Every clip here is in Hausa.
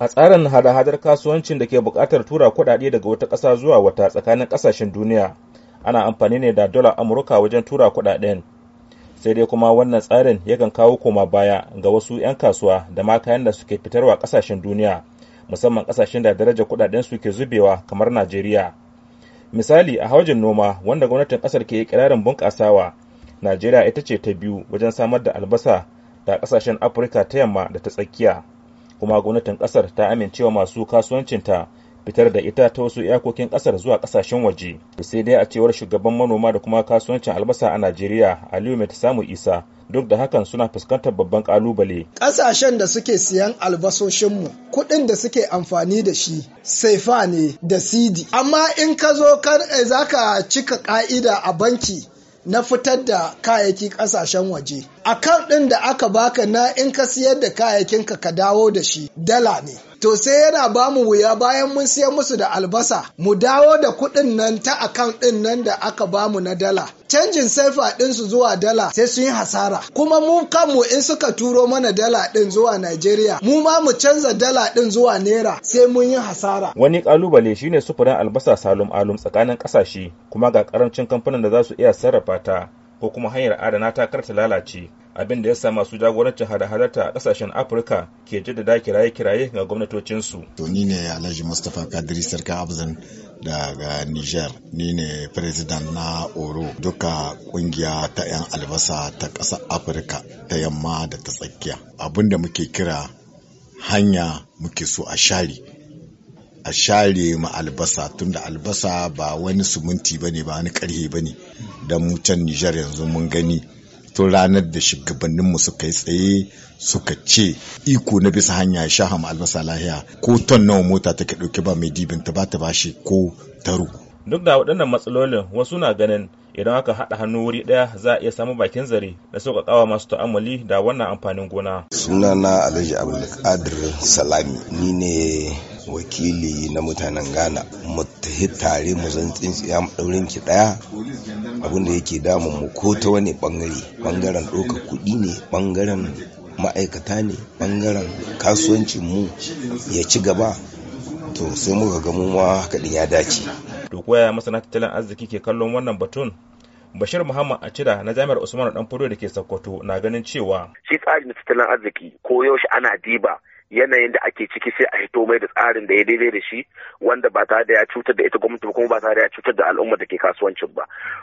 a tsarin hada-hadar kasuwancin da ke buƙatar tura kuɗaɗe daga wata ƙasa zuwa wata tsakanin ƙasashen duniya ana amfani ne da dola amurka wajen tura kuɗaɗen sai dai kuma wannan tsarin yakan kawo koma baya ga wasu 'yan kasuwa da ma kayan da suke fitarwa ƙasashen duniya musamman ƙasashen da daraja kuɗaɗen su ke zubewa kamar najeriya misali a haujin noma wanda gwamnatin ƙasar ke ikirarin bunƙasawa najeriya ita ce ta biyu wajen samar da albasa da ƙasashen afirka ta yamma da ta tsakiya kuma gwamnatin kasar ta amincewa masu kasuwancinta fitar da ita ta wasu iyakokin kasar zuwa kasashen waje sai dai a cewar shugaban manoma da kuma kasuwancin albasa a najeriya aliyu mai samu isa duk da hakan suna fuskantar babban kalubale kasashen da suke siyan albasoshinmu kuɗin da suke amfani da shi saifa ne da sidi amma in ka zo eh, za ka cika ka'ida a banki na fitar da kayayyaki kasashen waje. Akan ɗin da aka baka na in ka siyar da kayayyakin ka ka dawo da shi dala ne. to sai yana ba mu wuya bayan mun siya musu da albasa mu dawo da kuɗin nan ta akan ɗin nan da aka ba mu na dala canjin saifa ɗinsu zuwa dala sai su yi hasara kuma mu kanmu in suka turo mana dala ɗin zuwa Najeriya mu ma mu canza dala ɗin zuwa naira sai mun yi hasara wani kalubale shine sufurin albasa salum alum tsakanin ƙasashe kuma ga karancin kamfanin da za su iya sarrafa ta ko kuma hanyar adana ta kar ta lalace abin da ya sa masu jagorancin hada-hadar a kasashen afirka ke jaddada kiraye-kiraye ga gwamnatocinsu to ni ne alhaji mustapha kadiri sarka abzan daga niger ni ne president na oro duka kungiya ta 'yan albasa ta ƙasar afirka ta yamma da ta tsakiya abin da muke kira hanya muke so a share a share ma albasa tunda albasa ba wani suminti ba ne ba wani karhe ba ne don mu can nijar yanzu mun gani tun ranar da shugabanninmu suka yi tsaye suka ce iko na bisa hanya sha hama albasa lahiya ko ton nawa mota take ɗauke ba mai dibin ta ba ta bashi ko taro. Duk da waɗannan matsalolin wasu na ganin idan aka haɗa hannu wuri ɗaya za a iya samu bakin zare da sauƙaƙawa masu ta'amali da wannan amfanin gona. Sunana Alhaji Abdulkadir Salami ni ne wakili na mutanen ghana mu tahi tare mu zan tsintsiya mu daurin ki daya abin da yake damun mu ko ta wani bangare bangaren ɗauka kuɗi ne bangaren ma'aikata ne bangaren kasuwancin mu ya ci gaba to sai muka ga mu ma kaɗin ya dace to koya masana tattalin arziki ke kallon wannan batun bashir muhammad acida na jami'ar usman dan fodo da ke sokoto na ganin cewa shi tsarin tattalin arziki ko yaushe ana diba yanayin da ake ciki sai a hito mai da tsarin da ya daidai da shi wanda ba tare da ya cutar da ita gwamnati ba kuma ba tare da ya cutar da al'umma da ke kasuwancin ba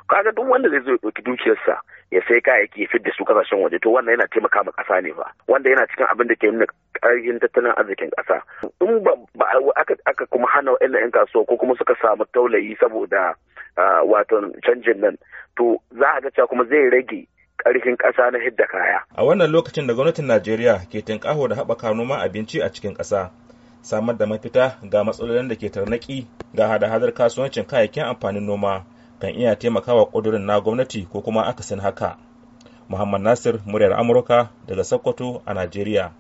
kaga duk wanda zai zo ya ɗauki dukiyarsa ya sai kayayyaki ya da su kasashen waje to wannan yana taimaka ma ƙasa ne ba wanda yana cikin abin da ke nuna ƙarfin tattalin arzikin ƙasa in ba aka kuma hana wa'annan 'yan kasuwa ko kuma suka samu taulayi saboda ah, wato canjin nan to za a ga cewa kuma zai rage ƙarfin ƙasa na hidda kaya. A wannan lokacin da gwamnatin Najeriya ke tunƙaho da haɓaka noma abinci a cikin ƙasa, samar da mafita ga matsalolin da ke tarnaki ga hada-hadar kasuwancin kayayyakin amfanin noma kan iya taimakawa ƙudurin na gwamnati ko kuma akasin haka. Muhammad Nasir, muryar Amurka daga Sokoto a Najeriya.